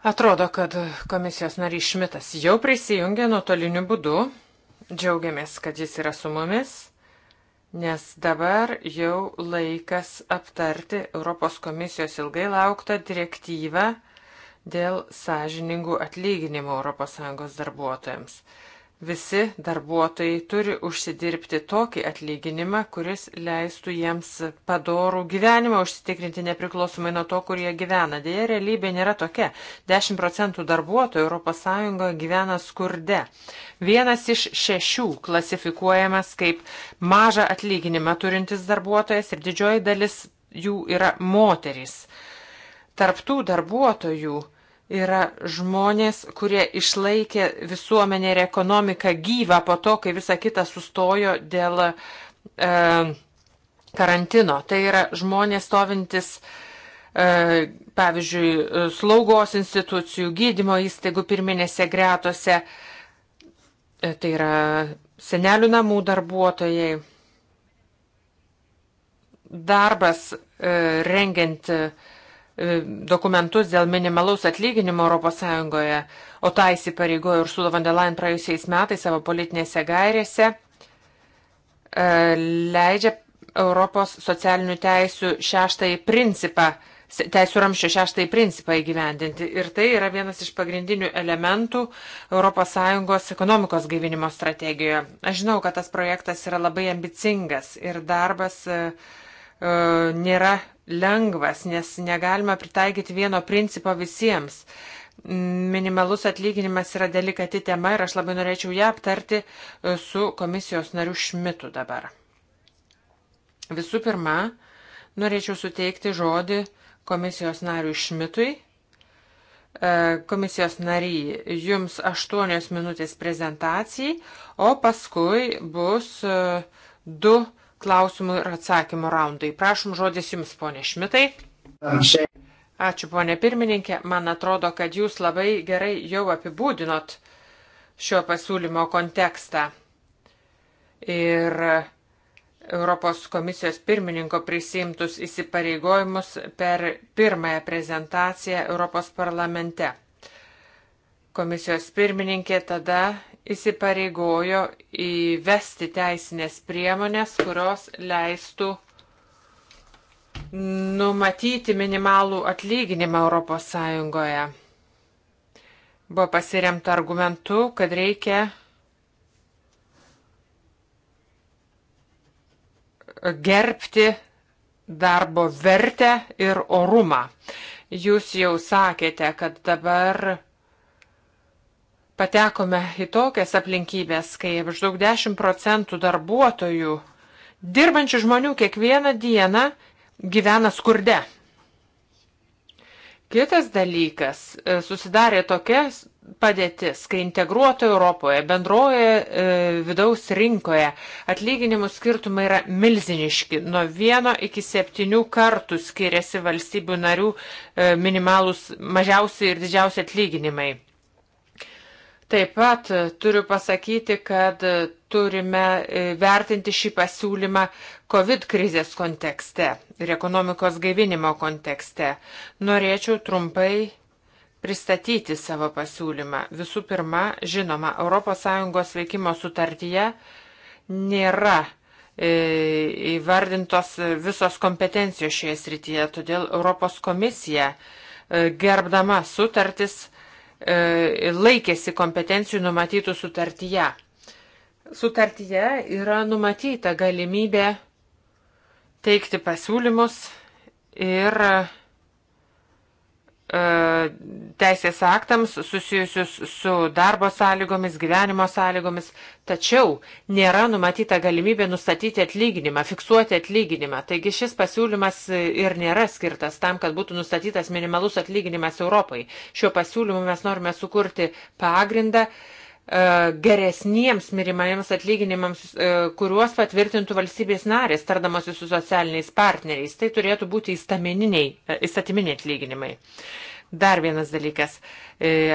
Atrodo, kad komisijos narys Šmitas jau prisijungė nuotoliniu būdu. Džiaugiamės, kad jis yra su mumis, nes dabar jau laikas aptarti Europos komisijos ilgai lauktą direktyvą dėl sąžiningų atlyginimų ES darbuotojams. Visi darbuotojai turi užsidirbti tokį atlyginimą, kuris leistų jiems padorų gyvenimą užsitikrinti nepriklausomai nuo to, kur jie gyvena. Deja, realybė nėra tokia. 10 procentų darbuotojų ES gyvena skurde. Vienas iš šešių klasifikuojamas kaip mažą atlyginimą turintis darbuotojas ir didžioji dalis jų yra moterys. Tarptų darbuotojų yra žmonės, kurie išlaikė visuomenę ir ekonomiką gyvą po to, kai visa kita sustojo dėl e, karantino. Tai yra žmonės stovintis, e, pavyzdžiui, slaugos institucijų, gydymo įstaigų pirminėse gretose. E, tai yra senelių namų darbuotojai. Darbas e, rengiant e, E, dokumentus dėl minimalaus atlyginimo ES, o tą įsipareigojo ir Sulo Vandelain praėjusiais metais savo politinėse gairėse, e, leidžia Europos socialinių teisių šeštąjį principą, teisų ramščio šeštąjį principą įgyvendinti. Ir tai yra vienas iš pagrindinių elementų ES ekonomikos gaivinimo strategijoje. Aš žinau, kad tas projektas yra labai ambicingas ir darbas uh, E, nėra lengvas, nes negalima pritaikyti vieno principo visiems. Minimalus atlyginimas yra delikati tema ir aš labai norėčiau ją aptarti e, su komisijos nariu Šmitu dabar. Visų pirma, norėčiau suteikti žodį komisijos nariui Šmitui. E, komisijos nariai, jums aštuonios minutės prezentacijai, o paskui bus du uh, klausimų ir atsakymų raundai. Prašom žodis Jums, ponė Šmitai. Ačiū, ponė pirmininkė. Man atrodo, kad Jūs labai gerai jau apibūdinot šio pasiūlymo kontekstą. Ir Europos komisijos pirmininko prisimtus įsipareigojimus per pirmąją prezentaciją Europos parlamente. Komisijos pirmininkė tada įsipareigojo įvesti teisinės priemonės, kurios leistų numatyti minimalų atlyginimą ES. Buvo pasiremta argumentu, kad reikia gerbti darbo vertę ir orumą. Jūs jau sakėte, kad dabar patekome į tokias aplinkybės, kai maždaug 10 procentų darbuotojų, dirbančių žmonių kiekvieną dieną gyvena skurde. Kitas dalykas, e, susidarė tokia padėtis, kai integruotoje Europoje, bendroje e, vidaus rinkoje atlyginimų skirtumai yra milziniški. Nuo vieno iki septynių kartų skiriasi valstybių narių e, minimalus mažiausi ir didžiausi atlyginimai. Taip pat e, turiu pasakyti, kad e, turime e, vertinti šį pasiūlymą COVID krizės kontekste ir ekonomikos gaivinimo kontekste. Norėčiau trumpai pristatyti savo pasiūlymą. Visų pirma, žinoma, ES veikimo sutartyje nėra įvardintos visos kompetencijos šioje srityje, todėl Europos komisija gerbdama sutartis E, laikėsi kompetencijų numatytų sutartyje. Sutartyje yra numatyta galimybė teikti pasiūlymus ir E, teisės aktams susijusius su darbo sąlygomis, gyvenimo sąlygomis, tačiau nėra numatyta galimybė nustatyti atlyginimą, fiksuoti atlyginimą. Taigi šis pasiūlymas ir nėra skirtas tam, kad būtų nustatytas minimalus atlyginimas Europai. Šiuo pasiūlymu mes norime sukurti pagrindą uh, E, geresniems mirimajams atlyginimams, e, kuriuos patvirtintų valstybės narės, tardamosi su socialiniais partneriais. Tai turėtų būti e, įstatyminiai atlyginimai. Dar vienas dalykas,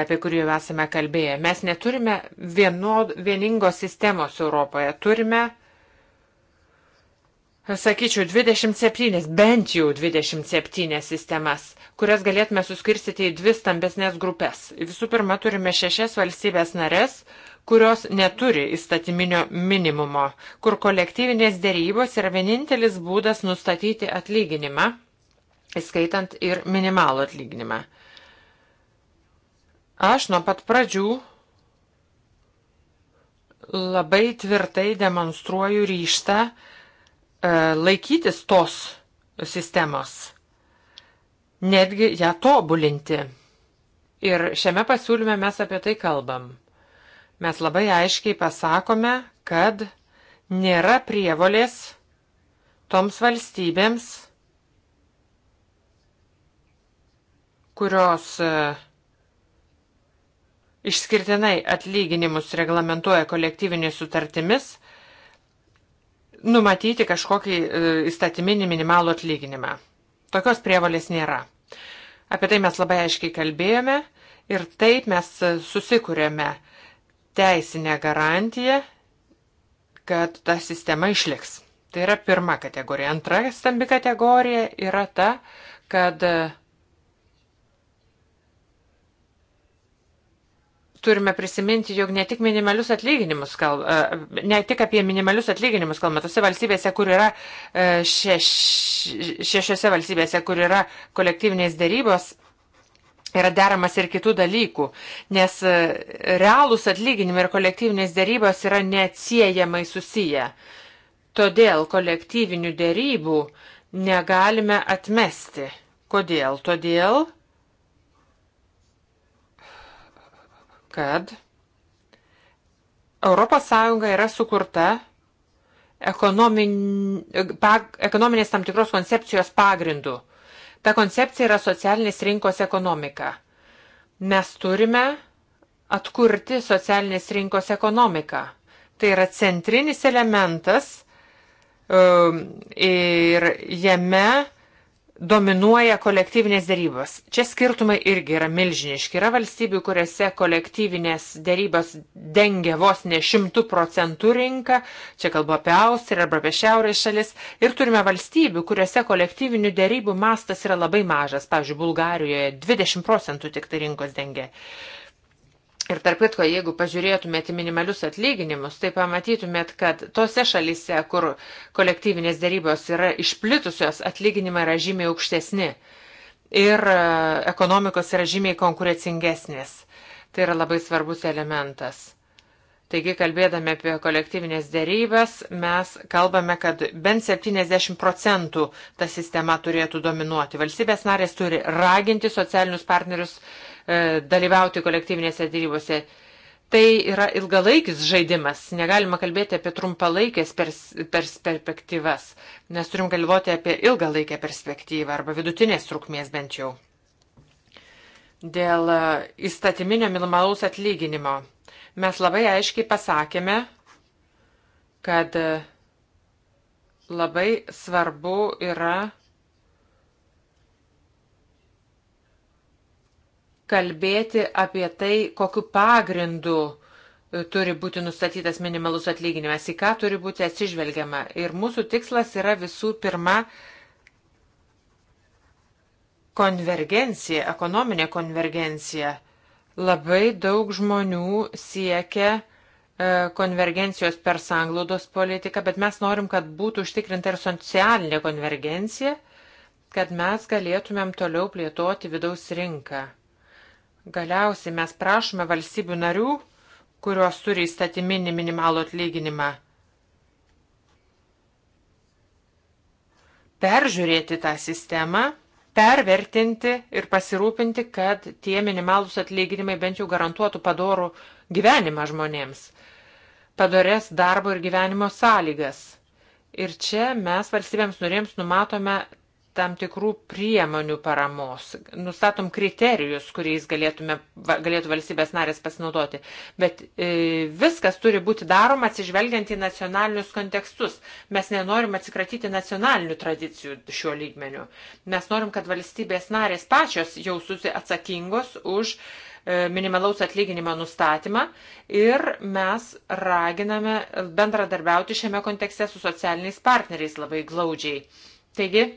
apie kurį jau esame kalbėję. Mes neturime vienod, vieningos sistemos Europoje. Turime uh, sakyčiau, 27, bent jau 27 sistemas, kurias galėtume suskirstyti į dvi stambesnės grupės. Visų pirma, turime šešias valstybės narės, kurios neturi įstatyminio minimumo, kur kolektyvinės dėrybos yra vienintelis būdas nustatyti atlyginimą, įskaitant ir minimalų atlyginimą. Aš nuo pat pradžių labai tvirtai demonstruoju ryštą, E, laikytis tos sistemos, netgi ją tobulinti. Ir šiame pasiūlyme mes apie tai kalbam. Mes labai aiškiai pasakome, kad nėra prievolės toms valstybėms, kurios e, išskirtinai atlyginimus reglamentuoja kolektyvinės sutartimis, numatyti kažkokį e, įstatyminį minimalų atlyginimą. Tokios prievalės nėra. Apie tai mes labai aiškiai kalbėjome ir taip mes susikūrėme teisinę garantiją, kad ta sistema išliks. Tai yra pirma kategorija. Antra stambi kategorija yra ta, kad uh, turime prisiminti, jog ne tik, minimalius atlyginimus kal, e, ne tik apie minimalius atlyginimus kalbame, tose valstybėse, kur yra e, šeš, šešiose valstybėse, kur yra kolektyvinės dėrybos, yra deramas ir kitų dalykų, nes e, realūs atlyginimai ir kolektyvinės dėrybos yra neatsiejamai susiję. Todėl kolektyvinių dėrybų negalime atmesti. Kodėl? Todėl, kad ES yra sukurta ekonominės tam tikros koncepcijos pagrindų. Ta koncepcija yra socialinės rinkos ekonomika. Mes turime atkurti socialinės rinkos ekonomiką. Tai yra centrinis elementas um, ir jame dominuoja kolektyvinės dėrybos. Čia skirtumai irgi yra milžiniški. Yra valstybių, kuriuose kolektyvinės dėrybos dengia vos ne šimtų procentų rinką, čia kalbu apie Austriją arba apie Šiaurės šalis, ir turime valstybių, kuriuose kolektyvinių dėrybų mastas yra labai mažas, pavyzdžiui, Bulgarijoje 20 procentų tik tai rinkos dengia. Uh, Ir tarp kitko, jeigu pažiūrėtumėte minimalius atlyginimus, tai pamatytumėt, kad tose šalise, kur kolektyvinės dėrybos yra išplitusios, atlyginimai yra žymiai aukštesni ir e, ekonomikos yra žymiai konkurencingesnės. Tai yra labai svarbus elementas. Taigi, kalbėdami apie kolektyvinės dėrybas, mes kalbame, kad bent 70 procentų ta sistema turėtų dominuoti. Valstybės narės turi raginti socialinius partnerius uh, E, dalyvauti kolektyvinėse dėrybose. Tai yra ilgalaikis žaidimas, negalima kalbėti apie trumpalaikės pers, pers perspektyvas, nes turim galvoti apie ilgalaikę perspektyvą arba vidutinės trukmės bent jau. Dėl e, įstatyminio minimalaus atlyginimo mes labai aiškiai pasakėme, kad e, labai svarbu yra kalbėti apie tai, kokiu pagrindu e, turi būti nustatytas minimalus atlyginimas, į ką turi būti atsižvelgiama. Ir mūsų tikslas yra visų pirma konvergencija, ekonominė konvergencija. Labai daug žmonių siekia e, konvergencijos per sanglaudos politiką, bet mes norim, kad būtų užtikrinta ir socialinė konvergencija, kad mes galėtumėm toliau plėtoti vidaus rinką. Galiausiai mes prašome valstybių narių, kurios turi įstatyminį minimalų atlyginimą, peržiūrėti tą sistemą, pervertinti ir pasirūpinti, kad tie minimalūs atlyginimai bent jau garantuotų padorų gyvenimą žmonėms, padorės darbo ir gyvenimo sąlygas. Ir čia mes valstybėms norėms numatome tam tikrų priemonių paramos, nustatom kriterijus, kuriais galėtume, galėtų valstybės narės pasinaudoti, bet e, viskas turi būti daroma atsižvelgiant į nacionalinius kontekstus. Mes nenorim atsikratyti nacionalinių tradicijų šiuo lygmeniu. Mes norim, kad valstybės narės pačios jaustųsi atsakingos už e, minimalaus atlyginimo nustatymą ir mes raginame bendradarbiauti šiame kontekste su socialiniais partneriais labai glaudžiai. Taigi,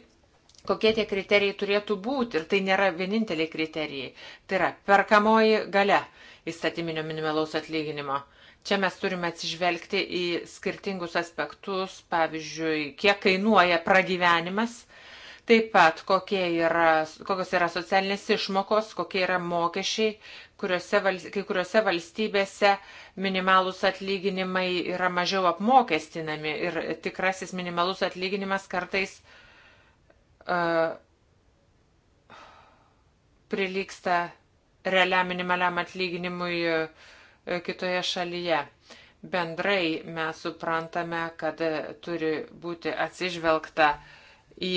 kokie tie kriterijai turėtų būti. Ir tai nėra vieninteliai kriterijai. Tai yra perkamoji gale įstatyminio minimalaus atlyginimo. Čia mes turime atsižvelgti į skirtingus aspektus, pavyzdžiui, kiek kainuoja pragyvenimas, taip pat yra, kokios yra socialinės išmokos, kokie yra mokesčiai, kuriuose, kai kuriuose valstybėse minimalus atlyginimai yra mažiau apmokestinami ir tikrasis minimalus atlyginimas kartais uh, uh, prilyksta realiam minimaliam atlyginimui kitoje šalyje. Bendrai mes suprantame, kad turi būti atsižvelgta į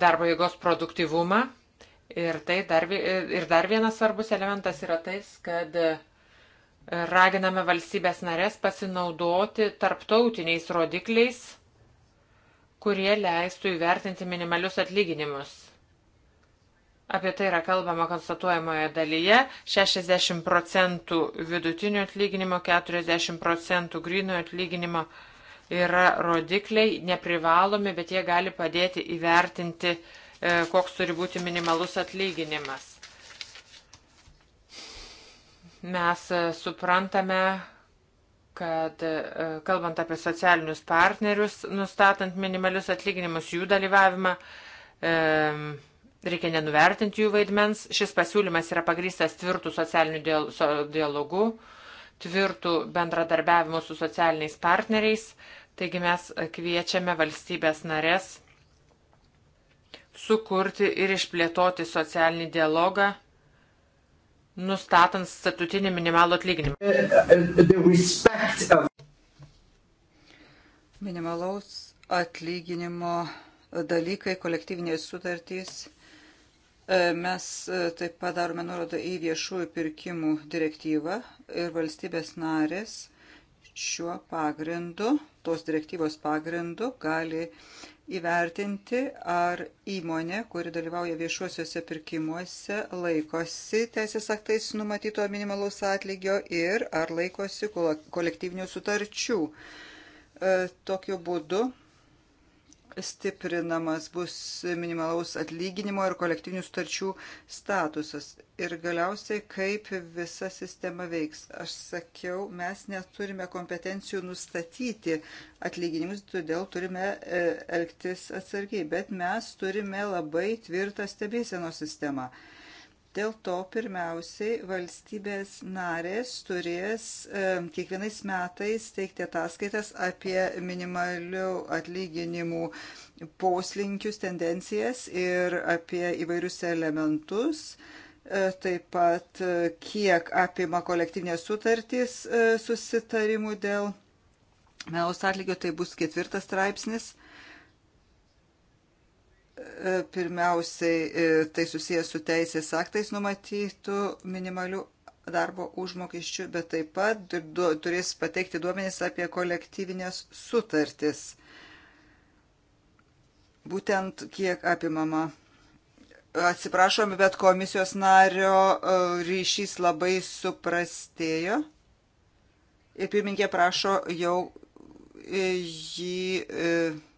darbo jėgos produktivumą. Ir, tai dar, ir dar vienas svarbus elementas yra tais, kad raginame valstybės narės pasinaudoti tarptautiniais rodikliais kurie leistų įvertinti minimalius atlyginimus. Apie tai yra kalbama konstatuojamoje dalyje - 60 procentų vidutinio atlyginimo, 40 procentų grinojo atlyginimo yra rodikliai, neprivalomi, bet jie gali padėti įvertinti, e, koks turi būti minimalus atlyginimas. Mes e, suprantame, kad e, kalbant apie socialinius partnerius, nustatant minimalius atlyginimus, jų dalyvavimą, e, reikia nenuvertinti jų vaidmens. Šis pasiūlymas yra pagrystas tvirtų socialinių dialogų, tvirtų bendradarbiavimų su socialiniais partneriais. Taigi mes kviečiame valstybės narės sukurti ir išplėtoti socialinį dialogą nustatant statutinį minimalų atlyginimą. Uh, uh, Minimalaus atlyginimo dalykai, kolektyvinės sutartys. Uh, mes taip pat darome nuorodą į viešųjų pirkimų direktyvą ir valstybės narės šiuo pagrindu, tos direktyvos pagrindu gali įvertinti, ar įmonė, kuri dalyvauja viešuosiuose pirkimuose, laikosi teisės aktais numatyto minimalaus atlygio ir ar laikosi kolektyvinių sutarčių. E, tokiu būdu stiprinamas bus minimalaus atlyginimo ir kolektyvinių starčių statusas. Ir galiausiai, kaip visa sistema veiks. Aš sakiau, mes neturime kompetencijų nustatyti atlyginimus, todėl turime e, elgtis atsargiai, bet mes turime labai tvirtą stebėsienos sistemą. Dėl to pirmiausiai valstybės narės turės e, kiekvienais metais teikti ataskaitas apie minimalių atlyginimų poslinkius, tendencijas ir apie įvairius elementus. E, taip pat e, kiek apima kolektyvinės sutartys e, susitarimų dėl melaus atlygio, tai bus ketvirtas straipsnis. E, E, pirmiausiai e, tai susijęs su teisės aktais numatytų minimalių darbo užmokesčių, bet taip pat turės pateikti duomenys apie kolektyvinės sutartis. Būtent kiek apimama Atsiprašom, bet komisijos nario e, ryšys labai suprastėjo. Ir pirmininkė prašo jau jį e,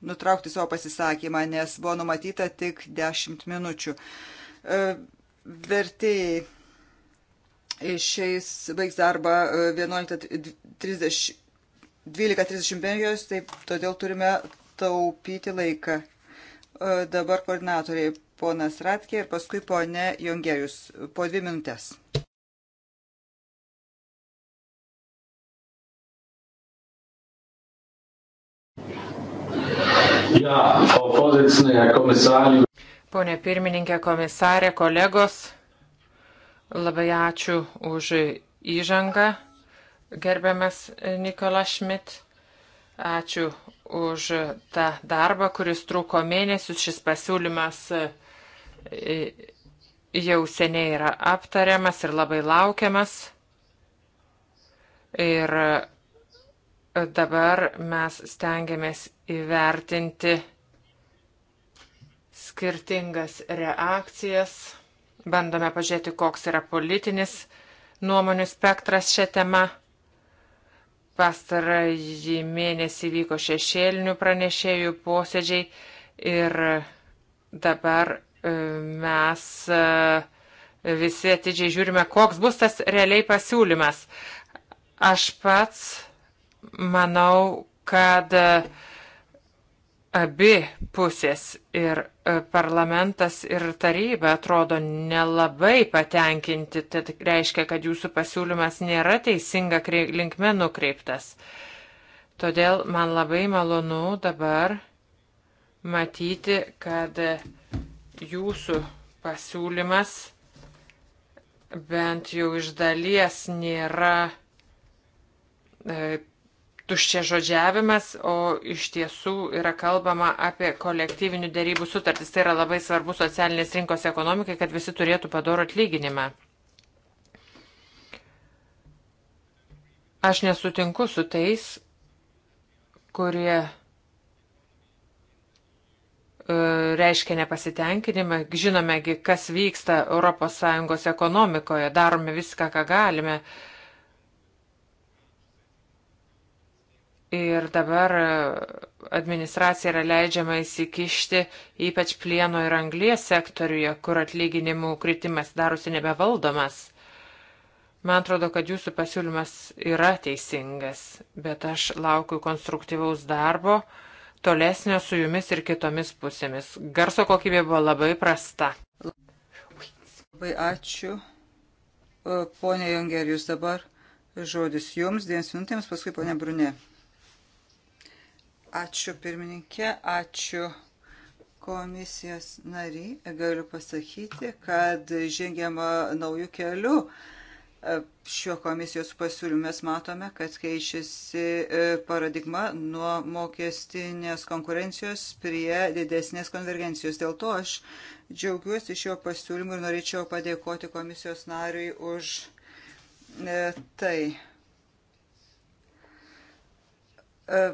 nutraukti savo pasisakymą, nes buvo numatyta tik 10 minučių. E, vertėjai išeis, baigs darbą 11.30. E, 12.35, taip todėl turime taupyti laiką. Dabar koordinatoriai ponas Ratkė ir paskui ponė Jongerius po dvi minutės. Pone pirmininkė, komisarė, kolegos, labai ačiū už įžangą, gerbiamas Nikola Šmit. Ačiū už tą darbą, kuris truko mėnesius. Šis pasiūlymas e, jau seniai yra aptariamas ir labai laukiamas. Ir dabar mes stengiamės įvertinti skirtingas reakcijas, bandome pažiūrėti, koks yra politinis nuomonių spektras šią temą. Pastarąjį mėnesį vyko šešėlinių pranešėjų posėdžiai ir dabar e, mes e, visi atidžiai žiūrime, koks bus tas realiai pasiūlymas. Aš pats Manau, kad e, abi pusės ir e, parlamentas ir taryba atrodo nelabai patenkinti, tai reiškia, kad jūsų pasiūlymas nėra teisinga linkme nukreiptas. Todėl man labai malonu dabar matyti, kad e, jūsų pasiūlymas bent jau iš dalies nėra tuščia žodžiavimas, o iš tiesų yra kalbama apie kolektyvinių dėrybų sutartis. Tai yra labai svarbu socialinės rinkos ekonomikai, kad visi turėtų padorų atlyginimą. Aš nesutinku su tais, kurie e, reiškia nepasitenkinimą. Žinomegi, kas vyksta ES ekonomikoje, darome viską, ką galime, Ir dabar administracija yra leidžiama įsikišti, ypač plieno ir anglies sektoriuje, kur atlyginimų kritimas darosi nebevaldomas. Man atrodo, kad jūsų pasiūlymas yra teisingas, bet aš laukiu konstruktyvaus darbo, tolesnio su jumis ir kitomis pusėmis. Garso kokybė buvo labai prasta. Labai ačiū. Pone Jonger, jūs dabar žodis jums, dienas minutėms, paskui pone Brunė. Ačiū pirmininkė, ačiū komisijos nariai. Galiu pasakyti, kad žengiama naujų kelių šio komisijos pasiūlymų mes matome, kad keičiasi e, paradigma nuo mokestinės konkurencijos prie didesnės konvergencijos. Dėl to aš džiaugiuosi šio pasiūlymu ir norėčiau padėkoti komisijos nariui už e, tai. E,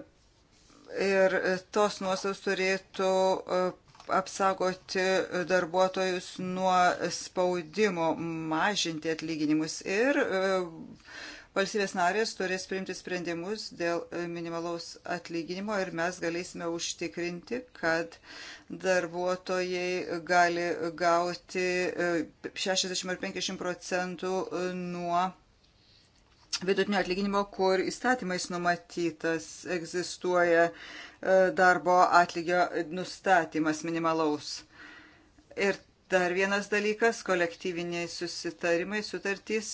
ir tos nuostatos turėtų e, apsaugoti darbuotojus nuo spaudimo mažinti atlyginimus ir e, valstybės narės turės priimti sprendimus dėl e, minimalaus atlyginimo ir mes galėsime užtikrinti, kad darbuotojai gali gauti 60 ar 50 procentų nuo vidutinio atlyginimo, kur įstatymais numatytas egzistuoja e, darbo atlygio nustatymas minimalaus. Ir dar vienas dalykas - kolektyviniai susitarimai, sutartys.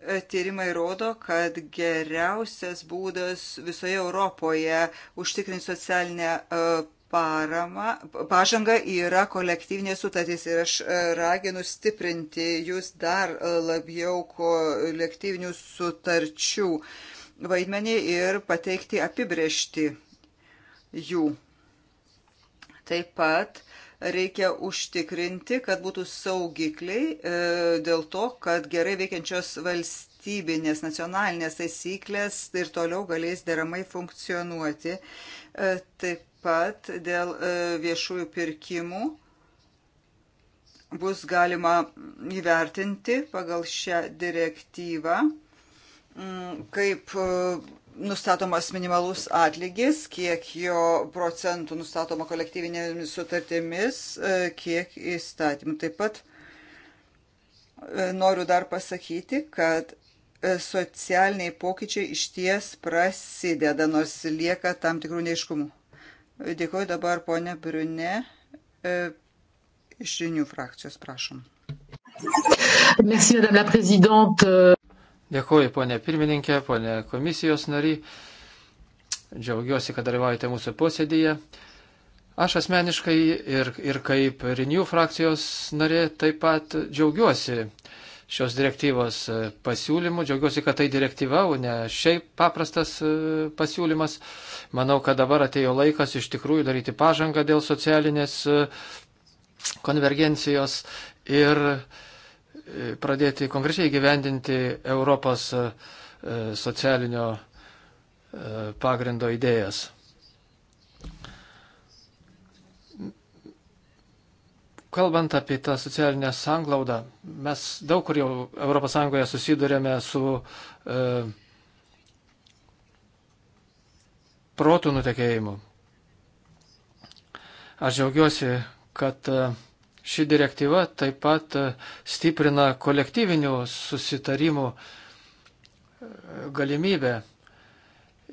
E, tyrimai rodo, kad geriausias būdas visoje Europoje užtikrinti socialinę e, parama, pažanga yra kolektyvinė sutartis ir aš e, raginu stiprinti jūs dar e, labiau kolektyvinių sutarčių vaidmenį ir pateikti apibrėžti jų. Taip pat reikia užtikrinti, kad būtų saugikliai e, dėl to, kad gerai veikiančios valstybinės nacionalinės taisyklės ir toliau galės deramai funkcionuoti. Taip pat dėl e, viešųjų pirkimų bus galima įvertinti pagal šią direktyvą, mm, kaip e, nustatomas minimalus atlygis, kiek jo procentų nustatoma kolektyvinėmis sutartimis, e, kiek įstatymų. Taip pat noriu dar pasakyti, kad socialiniai pokyčiai išties prasideda, nors lieka tam tikrų neiškumų. Dėkuoju dabar ponė Brune e, iš žinių frakcijos, prašom. Merci, madame la présidente. Dėkuoju, ponė pirmininkė, ponė komisijos nariai. Džiaugiuosi, kad dalyvaujate mūsų posėdėje. Aš asmeniškai ir, ir kaip Renew frakcijos narė taip pat džiaugiuosi uh, šios direktyvos e, pasiūlymų. Džiaugiuosi, kad tai direktyva, o ne šiaip paprastas e, pasiūlymas. Manau, kad dabar atėjo laikas iš tikrųjų daryti pažangą dėl socialinės e, konvergencijos ir pradėti konkrečiai gyvendinti Europos socialinio pagrindo idėjas. Kalbant apie tą socialinę sanglaudą, mes daug kur jau ES susidurėme su e, protų nutekėjimu. Aš džiaugiuosi, kad e, ši direktyva taip pat e, stiprina kolektyvinių susitarimų e, galimybę.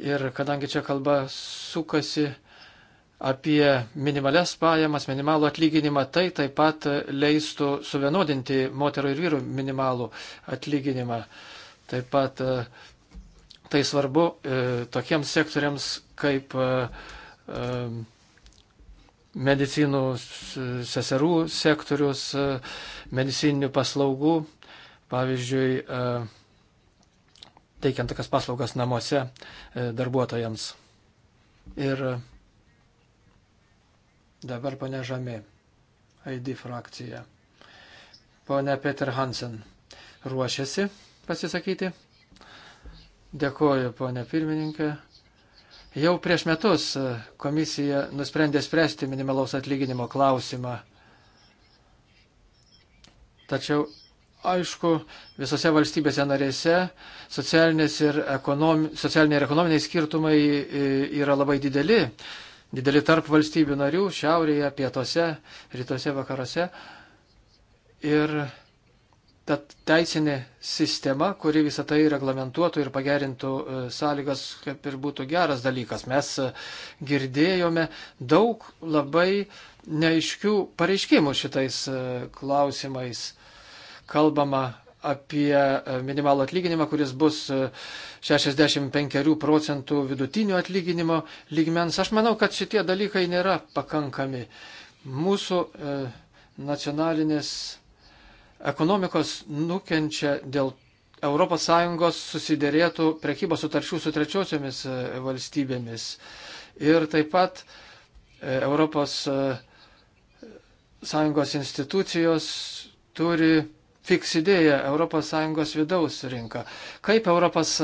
Ir kadangi čia kalba sukasi apie minimales pajamas, minimalų atlyginimą, tai taip pat leistų suvienodinti moterų ir vyrų minimalų atlyginimą. Taip pat e, tai svarbu e, tokiems sektoriams kaip e, medicinų seserų sektorius, medicininių paslaugų, pavyzdžiui, teikiant tokias paslaugas namuose darbuotojams. Ir Dabar pane Žami, ID frakcija. Pone Peter Hansen, ruošiasi pasisakyti? Dėkuoju, ponė pirmininkė. Jau prieš metus e, komisija nusprendė spręsti minimalaus atlyginimo klausimą. Tačiau, aišku, visose valstybėse narėse ir ekonomi, socialiniai ir ekonominiai skirtumai e, yra labai dideli didelį tarp valstybių narių šiaurėje, pietuose, rytuose, vakaruose. Ir ta teisinė sistema, kuri visą tai reglamentuotų ir pagerintų e, sąlygas, kaip ir būtų geras dalykas. Mes e, girdėjome daug labai neaiškių pareiškimų šitais e, klausimais. Kalbama apie e, minimalų atlyginimą, kuris bus 65 e, procentų vidutinio atlyginimo lygmens. Aš manau, kad šitie dalykai nėra pakankami. Mūsų e, nacionalinės ekonomikos nukenčia dėl ES susidėrėtų prekybos sutarčių su trečiosiomis valstybėmis. Ir taip pat ES institucijos turi fiks idėja ES vidaus rinka. Kaip ES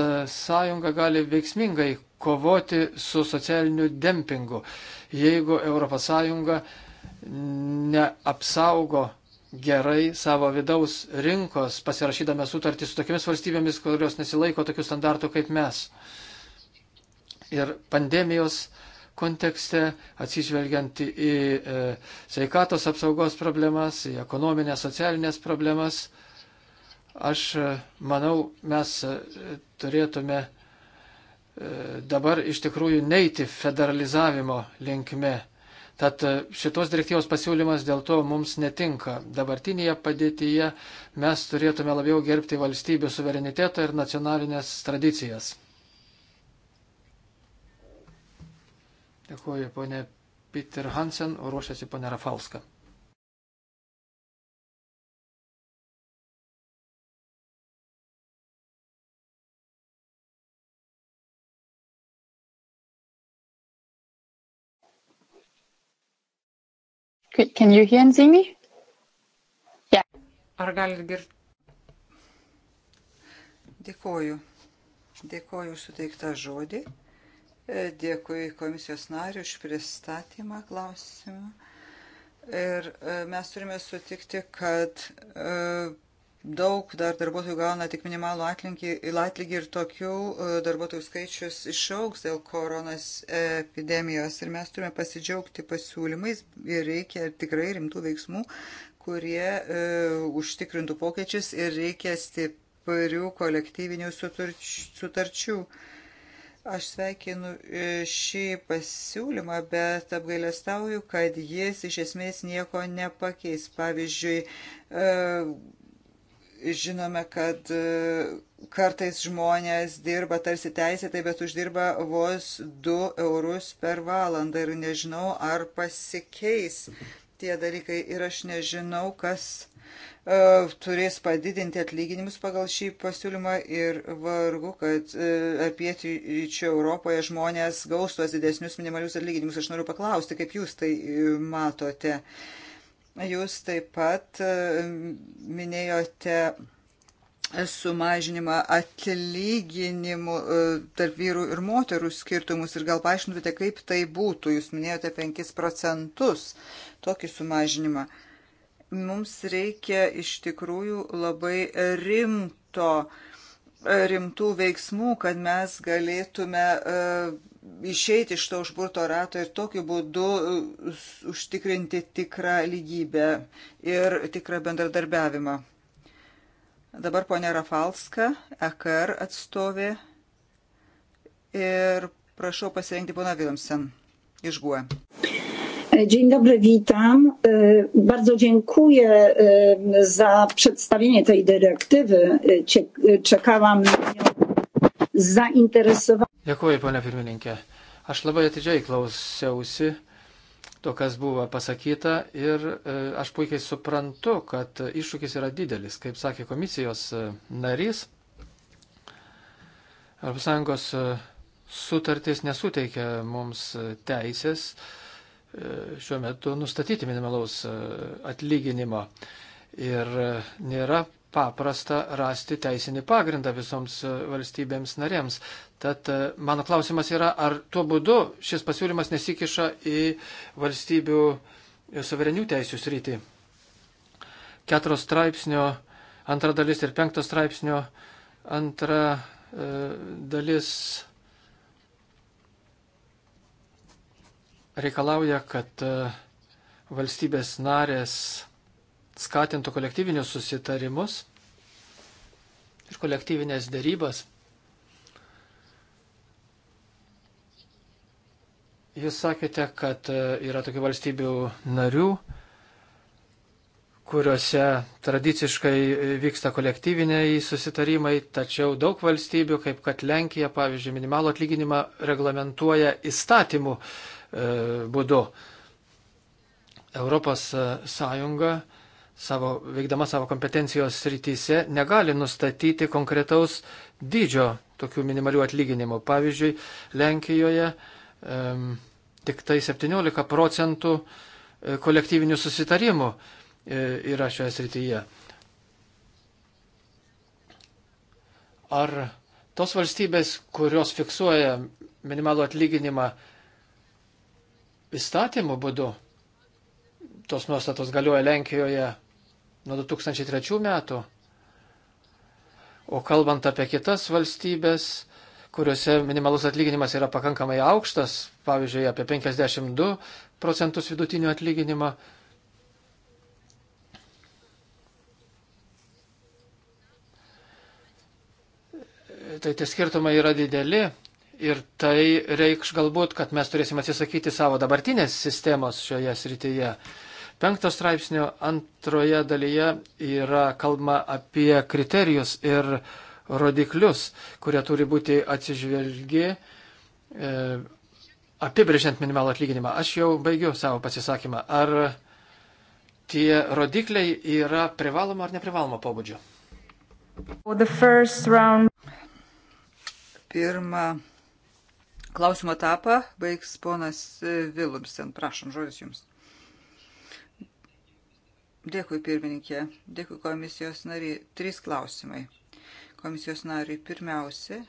gali veiksmingai kovoti su socialiniu dempingu, jeigu ES neapsaugo gerai savo vidaus rinkos, pasirašydama sutartį su tokiamis valstybėmis, kurios nesilaiko tokių standartų kaip mes. Ir pandemijos uh, kontekste, atsižvelgiant į e, sveikatos apsaugos problemas, į ekonominės, socialinės problemas. Aš e, manau, mes e, turėtume e, dabar iš tikrųjų neiti federalizavimo linkme. Tad e, šitos direktyvos pasiūlymas dėl to mums netinka. Dabartinėje padėtyje mes turėtume labiau gerbti valstybių suverenitetą ir nacionalinės tradicijas. Dėkuoju, ponė Peter Hansen, o ruošiasi ponė Rafalska. Can you hear and see me? Yeah. Ar galit girdėti? Dėkoju. Dėkoju suteiktą žodį. E, dėkui komisijos nariu už pristatymą klausimą. Ir e, mes turime sutikti, kad e, daug dar darbuotojų gauna tik minimalų atlygį ir tokių darbuotojų skaičius išauks dėl koronas epidemijos. Ir mes turime pasidžiaugti pasiūlymais ir reikia tikrai rimtų veiksmų, kurie e, užtikrintų pokyčius ir reikia stiprių kolektyvinių sutarčių. sutarčių Aš sveikinu e, šį pasiūlymą, bet apgailestauju, kad jis iš esmės nieko nepakeis. Pavyzdžiui, e, žinome, kad e, kartais žmonės dirba tarsi teisėtai, bet uždirba vos 2 eurus per valandą ir nežinau, ar pasikeis tie dalykai ir aš nežinau, kas E, turės padidinti atlyginimus pagal šį pasiūlymą ir vargu, kad e, apie čia Europoje žmonės gaus tuos didesnius minimalius atlyginimus. Aš noriu paklausti, kaip jūs tai e, matote. Jūs taip pat minėjote sumažinimą atlyginimų tarp vyrų ir moterų skirtumus ir gal paaiškintumėte, kaip tai būtų. Jūs minėjote 5 procentus tokį sumažinimą. Uh, Mums reikia iš tikrųjų labai rimto, rimtų veiksmų, kad mes galėtume e, išeiti iš to užburto rato ir tokiu būdu e, užtikrinti tikrą lygybę ir tikrą bendradarbiavimą. Dabar ponia Rafalska, EKR atstovė ir prašau pasirinkti poną Vilamsen iš GUE. Dzień dobry, witam. E, bardzo dziękuję e, za przedstawienie tej dyrektywy. E, czekałam z zainteresowaniem. Dėkuoju, ponia pirmininkė. Aš labai atidžiai klausiausi to, kas buvo pasakyta ir aš puikiai suprantu, kad iššūkis yra didelis. Kaip sakė komisijos narys, ES sutartys nesuteikia mums teisės uh, šiuo metu nustatyti minimalaus e, atlyginimo. Ir e, nėra paprasta rasti teisinį pagrindą visoms e, valstybėms narėms. Tad mano klausimas yra, ar tuo būdu šis pasiūlymas nesikiša į valstybių suverenių teisų sritį. Keturios straipsnio antra dalis ir penktos straipsnio antra e, dalis reikalauja, kad e, valstybės narės skatintų kolektyvinius susitarimus ir kolektyvinės dėrybas. Jūs sakėte, kad e, yra tokių valstybių narių, kuriuose tradiciškai vyksta kolektyviniai susitarimai, tačiau daug valstybių, kaip kad Lenkija, pavyzdžiui, minimalų atlyginimą reglamentuoja įstatymų E, būdu. Europos e, Sąjunga savo, veikdama savo kompetencijos srityse negali nustatyti konkretaus dydžio tokių minimalių atlyginimų. Pavyzdžiui, Lenkijoje um, tik tai 17 procentų kolektyvinių susitarimų yra šioje srityje. Ar tos valstybės, kurios fiksuoja minimalų atlyginimą įstatymų būdu. Tos nuostatos galioja Lenkijoje nuo 2003 metų. O kalbant apie kitas valstybės, kuriuose minimalus atlyginimas yra pakankamai aukštas, pavyzdžiui, apie 52 procentus vidutinio atlyginimo, tai tie skirtumai yra dideli Ir tai reikš galbūt, kad mes turėsim atsisakyti savo dabartinės sistemos šioje srityje. Penktos straipsnio antroje dalyje yra kalba apie kriterijus ir rodiklius, kurie turi būti atsižvelgi e, apibrėžiant minimalų atlyginimą. Aš jau baigiu savo pasisakymą. Ar tie rodikliai yra privalomo ar neprivalomo pobūdžio? Pirmą Klausimo etapą baigs ponas Vilumsen. Prašom, žodis jums. Dėkui, pirmininkė. Dėkui, komisijos nariai. Trys klausimai. Komisijos nariai, pirmiausia,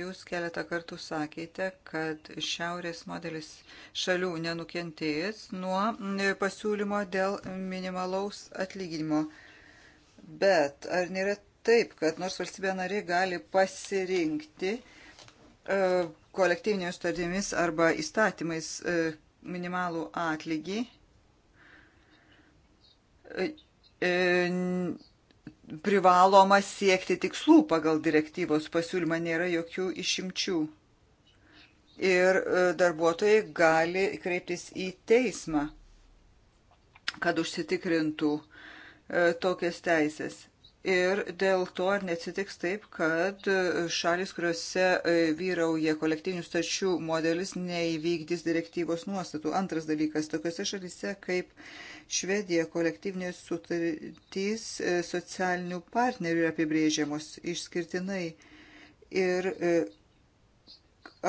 jūs keletą kartų sakėte, kad šiaurės modelis šalių nenukentėjęs nuo pasiūlymo dėl minimalaus atlyginimo. Bet ar nėra taip, kad nors valstybė nariai gali pasirinkti, E, kolektyvinėmis sutartimis arba įstatymais e, minimalų atlygį e, privaloma siekti tikslų pagal direktyvos pasiūlymą, nėra jokių išimčių. Ir darbuotojai gali kreiptis į teismą, kad užsitikrintų tokias teisės. Ir dėl to ar neatsitiks taip, kad šalis, kuriuose e, vyrauja kolektyvinių stačių modelis, neįvykdys direktyvos nuostatų. Antras dalykas, tokiuose šalise kaip Švedija kolektyvinės sutartys e, socialinių partnerių yra apibrėžiamos išskirtinai. Ir e,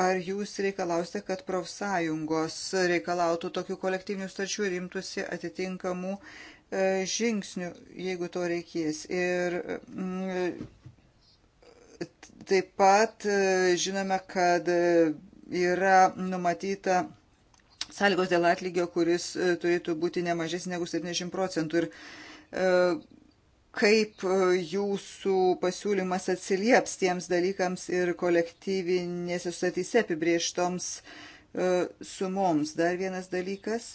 ar jūs reikalausite, kad profsąjungos reikalautų tokių kolektyvinių stačių ir imtųsi atitinkamų E, žingsnių, jeigu to reikės. Ir mm, taip pat e, žinome, kad e, yra numatyta sąlygos dėl atlygio, kuris turėtų būti nemažesnis negu 70 procentų. Ir kaip jūsų pasiūlymas atsilieps tiems dalykams ir kolektyvinėse sustatyse apibrieštoms sumoms. Dar vienas dalykas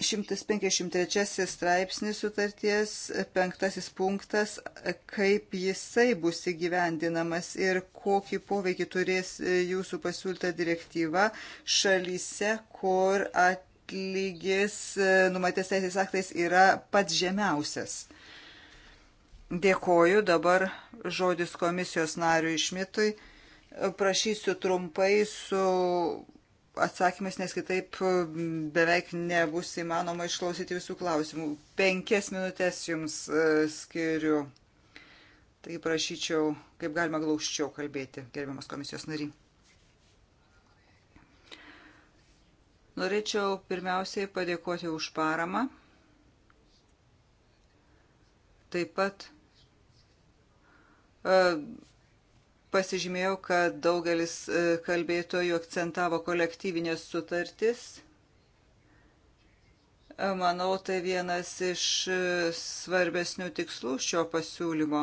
153 straipsnis sutarties, penktasis punktas, kaip jisai bus įgyvendinamas ir kokį poveikį turės e, jūsų pasiūlyta direktyva šalyse, kur atlygis e, numatęs teisės aktais yra pats žemiausias. Dėkoju dabar žodis komisijos nariui Šmitui. Prašysiu trumpai su atsakymais, nes kitaip beveik nebus įmanoma išklausyti visų klausimų. Penkias minutės jums e, skiriu. Tai prašyčiau, kaip galima glaučiau kalbėti, gerbiamas komisijos nary. Norėčiau pirmiausiai padėkoti už paramą. Taip pat e, Pasižymėjau, kad daugelis e, kalbėtojų akcentavo kolektyvinės sutartis. E, manau, tai vienas iš e, svarbesnių tikslų šio pasiūlymo.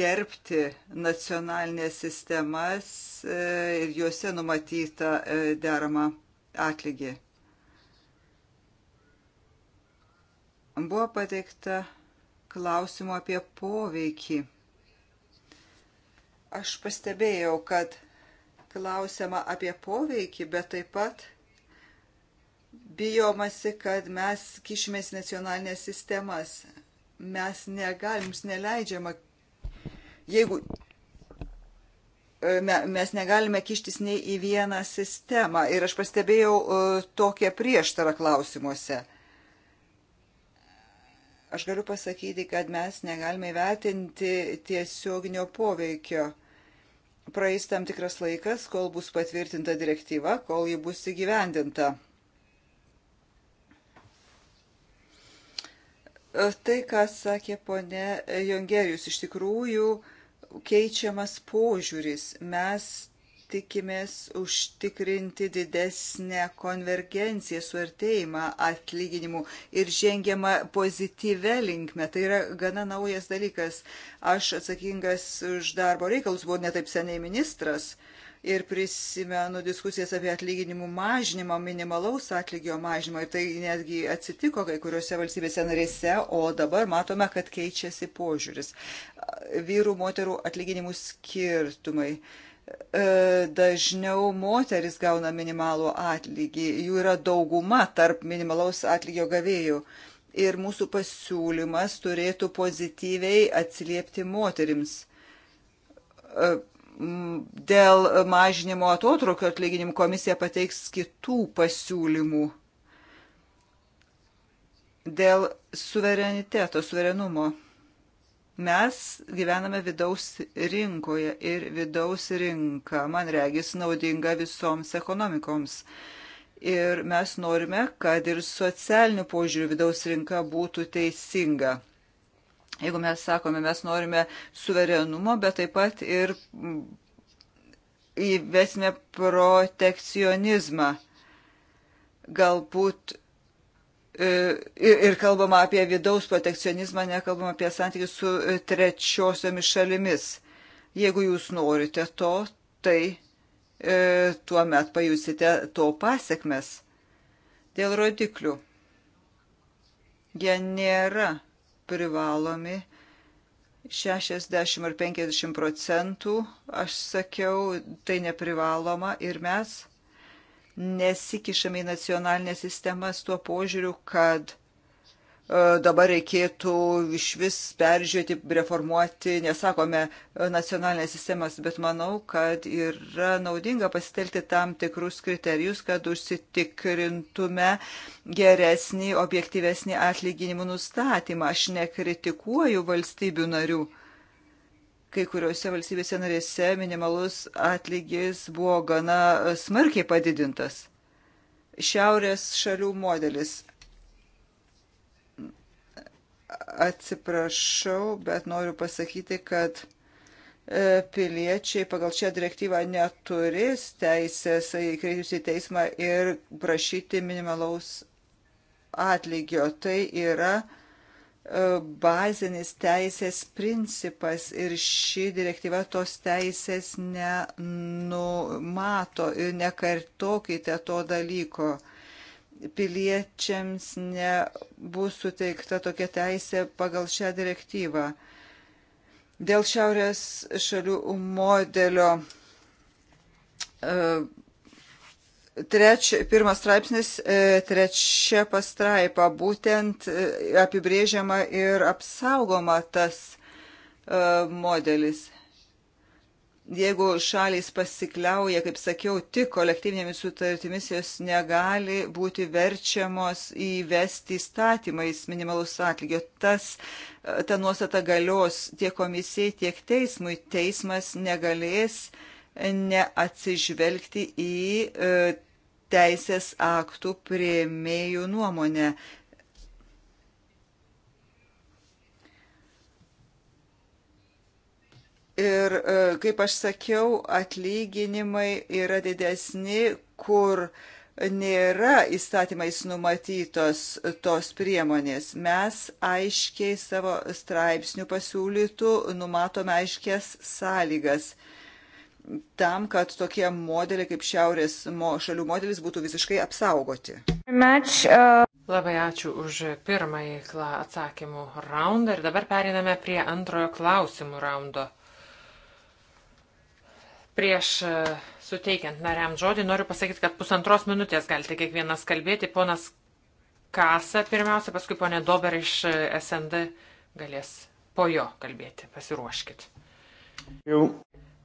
Gerbti nacionalinės sistemas ir juose numatytą deramą atlygį. Buvo pateikta klausimų apie poveikį. Aš pastebėjau, kad klausima apie poveikį, bet taip pat bijomasi, kad mes kišimės nacionalinės sistemas. Mes negalim, mums neleidžiama, jeigu e, mes negalime kištis nei į vieną sistemą. Ir aš pastebėjau e, tokią prieštarą klausimuose. Aš galiu pasakyti, kad mes negalime įvertinti tiesioginio poveikio. Praeis tam tikras laikas, kol bus patvirtinta direktyva, kol ji bus įgyvendinta. E, tai, ką sakė ponė Jongerijus, iš tikrųjų keičiamas požiūris. Mes tikimės užtikrinti didesnę konvergenciją, suartėjimą atlyginimų ir žengiama pozityvę linkmę. Tai yra gana naujas dalykas. Aš atsakingas už darbo reikalus, buvau netaip seniai ministras. Ir prisimenu diskusijas apie atlyginimų mažinimą, minimalaus atlygio mažinimą. Ir tai netgi atsitiko kai kuriuose valstybėse narėse, o dabar matome, kad keičiasi požiūris. Vyrų, moterų atlyginimų skirtumai. Uh, E, dažniau moteris gauna minimalų atlygį, jų yra dauguma tarp minimalaus atlygio gavėjų. Ir mūsų pasiūlymas turėtų pozityviai atsiliepti moterims. E, dėl mažinimo atotrukio atlyginimų komisija pateiks kitų pasiūlymų. Dėl suvereniteto, suverenumo. Mes gyvename vidaus rinkoje ir vidaus rinka, man regis, naudinga visoms ekonomikoms. Ir mes norime, kad ir socialinių požiūrių vidaus rinka būtų teisinga. Jeigu mes sakome, mes norime suverenumo, bet taip pat ir įvesime protekcionizmą. Galbūt E, ir kalbama apie vidaus protekcionizmą, nekalbama apie santykius su e, trečiosiomis šalimis. Jeigu jūs norite to, tai e, tuo met pajusite to pasiekmes. Dėl rodiklių. Jie nėra privalomi. 60 ar 50 procentų, aš sakiau, tai neprivaloma ir mes nesikišame į nacionalinės sistemas tuo požiūriu, kad e, dabar reikėtų iš vis peržiūrėti, reformuoti, nesakome e, nacionalinės sistemas, bet manau, kad yra naudinga pasitelkti tam tikrus kriterijus, kad užsitikrintume geresnį, objektyvesnį atlyginimų nustatymą. Aš nekritikuoju valstybių narių kai kuriuose valstybėse narėse minimalus atlygis buvo gana e, smarkiai padidintas. Šiaurės šalių modelis. Atsiprašau, bet noriu pasakyti, kad e, piliečiai pagal šią direktyvą neturės teisės kreiptis į teismą ir prašyti minimalaus atlygio. Tai yra uh, E, bazinis teisės principas ir ši direktyva tos teisės nenumato ir nekartokite to dalyko. Piliečiams nebus suteikta tokia teisė pagal šią direktyvą. Dėl šiaurės šalių modelio e, Treč, pirmas straipsnis, e, trečia pastraipa, būtent e, apibrėžiama ir apsaugoma tas e, modelis. Jeigu šalis pasikliauja, kaip sakiau, tik kolektyvinėmis sutartimis, jos negali būti verčiamos įvesti įstatymais minimalus atlygio. Tas, ta nuostata galios tiek komisijai, tiek teismui. Teismas negalės neatsižvelgti į teisės aktų prieimėjų nuomonę. Ir, e, kaip aš sakiau, atlyginimai yra didesni, kur nėra įstatymais numatytos tos priemonės. Mes aiškiai savo straipsnių pasiūlytų numatome aiškias sąlygas tam, kad tokie modeliai kaip šiaurės šalių modelis būtų visiškai apsaugoti. Much, uh... Labai ačiū už pirmąjį atsakymų raundą ir dabar periname prie antrojo klausimų raundo. Prieš uh, suteikiant nariam žodį noriu pasakyti, kad pusantros minutės galite kiekvienas kalbėti. Ponas Kasa pirmiausia, paskui ponė Dober iš uh, SND galės po jo kalbėti. Pasiruoškit. Jau.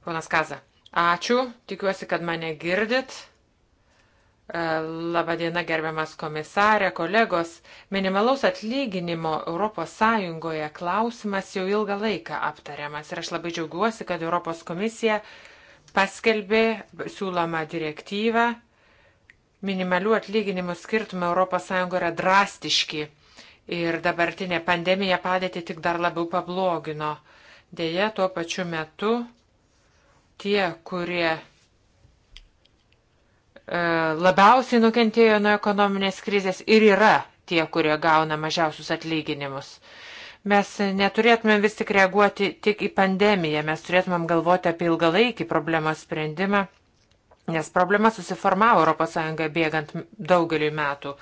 Ponas Kaza, ačiū, tikiuosi, kad mane girdit. E, Labadiena, gerbiamas komisarė, kolegos. Minimalaus atlyginimo ES klausimas jau ilgą laiką aptariamas ir aš labai džiaugiuosi, kad ES komisija paskelbė siūlomą direktyvą. Minimalių atlyginimų skirtumai ES yra drastiški ir dabartinė pandemija padėtį tik dar labiau pablogino. Deja, tuo pačiu metu tie, kurie e, labiausiai nukentėjo nuo ekonominės krizės ir yra tie, kurie gauna mažiausius atlyginimus. Mes neturėtumėm vis tik reaguoti tik į pandemiją, mes turėtumėm galvoti apie ilgalaikį problemos sprendimą, nes problema susiformavo ES bėgant daugeliu metų.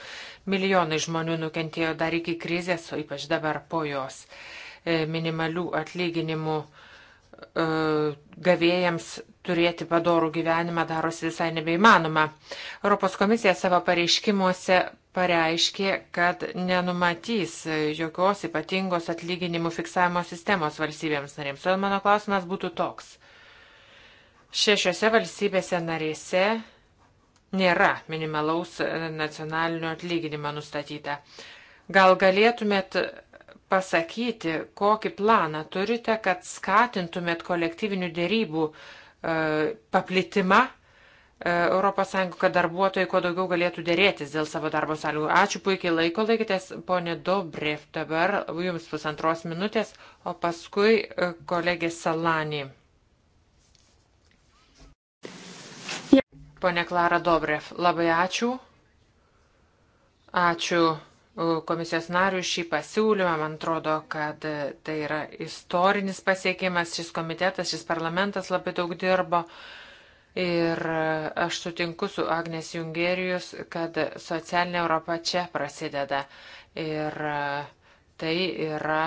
Milijonai žmonių nukentėjo dar iki krizės, o ypač dabar po jos. E, minimalių atlyginimų uh, E, gavėjams turėti padorų gyvenimą darosi visai nebeįmanoma. Europos komisija savo pareiškimuose pareiškė, kad nenumatys jokios ypatingos atlyginimų fiksavimo sistemos valstybėms narėms. Todėl mano klausimas būtų toks. Šešiose valstybėse narėse nėra minimalaus nacionalinio atlyginimo nustatyta. Gal galėtumėt pasakyti, kokį planą turite, kad skatintumėt kolektyvinių dėrybų e, paplitimą ES, kad darbuotojai kuo daugiau galėtų dėrėtis dėl savo darbo sąlygų. Ačiū puikiai laiko laikytės, ponė Dobrev, dabar jums pusantros minutės, o paskui e, kolegė Salanį. Pone Klara Dobrev, labai ačiū. Ačiū E, komisijos narių šį pasiūlymą. Man atrodo, kad tai yra istorinis pasiekimas. Šis komitetas, šis parlamentas labai daug dirbo. Ir aš sutinku su Agnes Jungerijus, kad socialinė Europa čia prasideda. Ir e, tai yra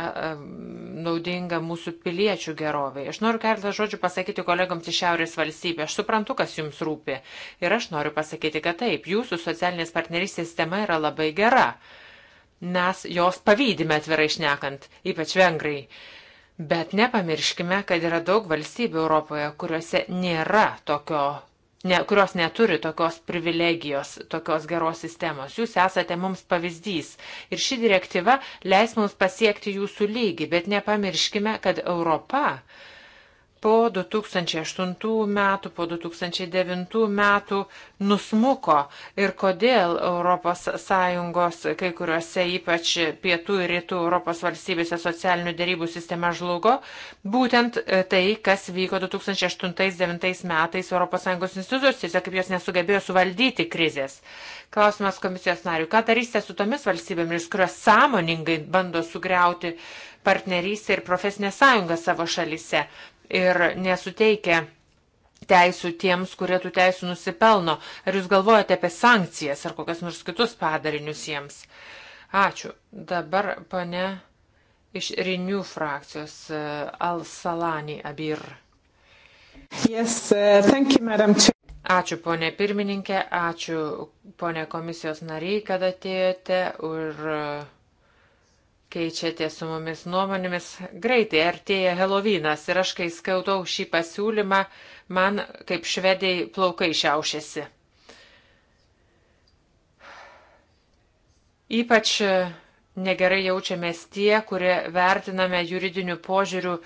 naudinga mūsų piliečių geroviai. Aš noriu keletą žodžių pasakyti kolegoms iš Šiaurės valstybė. Aš suprantu, kas jums rūpi. Ir aš noriu pasakyti, kad taip, jūsų socialinės partnerystės sistema yra labai gera. Uh, mes jos pavydime atvirai šnekant, ypač vengrai. Bet nepamirškime, kad yra daug valstybių Europoje, kuriuose nėra tokio, ne, kurios neturi tokios privilegijos, tokios geros sistemos. Jūs esate mums pavyzdys ir ši direktyva leis mums pasiekti jūsų lygį, bet nepamirškime, kad Europa po 2008 metų, po 2009 metų nusmuko ir kodėl ES kai kuriuose, ypač pietų ir rytų Europos valstybėse socialinių dėrybų sistema žlugo, būtent e, tai, kas vyko 2008-2009 metais ES institucijose, kaip jos nesugebėjo suvaldyti krizės. Klausimas komisijos nariu, ką darysite su tomis valstybėmis, kurios sąmoningai bando sugriauti partnerystę ir profesinę sąjungą savo šalyse ir nesuteikia teisų tiems, kurie tų teisų nusipelno. Ar jūs galvojate apie sankcijas ar kokias nors kitus padarinius jiems? Ačiū. Dabar pane iš Rinių frakcijos e, Al-Salani Abir. Yes, uh, thank you, Madam Chair. Ačiū ponė pirmininkė, ačiū ponė komisijos nariai, kad atėjote ir uh, keičiate su mumis nuomonėmis. Greitai artėja Helovynas ir aš, kai skaitau šį pasiūlymą, man kaip švediai plaukai šiaušiasi. Ypač negerai jaučiamės tie, kurie vertiname juridinių požiūrių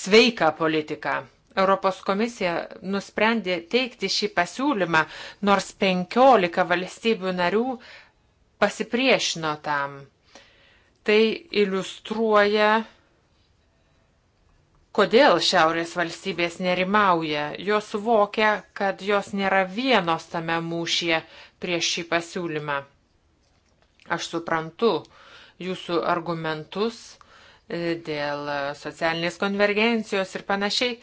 sveiką politiką. Europos komisija nusprendė teikti šį pasiūlymą, nors 15 valstybių narių pasipriešino tam. Tai iliustruoja, kodėl šiaurės valstybės nerimauja. Jos suvokia, kad jos nėra vienos tame mūšyje prieš šį pasiūlymą. Aš suprantu jūsų argumentus e, dėl socialinės konvergencijos ir panašiai,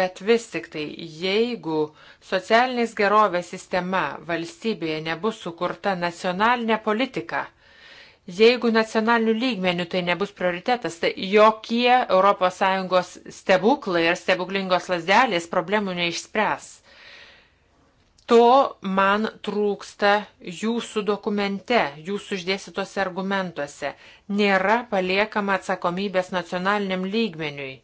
bet vis tik tai, jeigu socialinės gerovės sistema valstybėje nebus sukurta nacionalinė politika, Jeigu nacionalinių lygmenių tai nebus prioritetas, tai jokie ES stebuklai ir stebuklingos lasdelės problemų neišspręs. To man trūksta jūsų dokumente, jūsų išdėstytose argumentuose. Nėra paliekama atsakomybės nacionaliniam lygmeniui.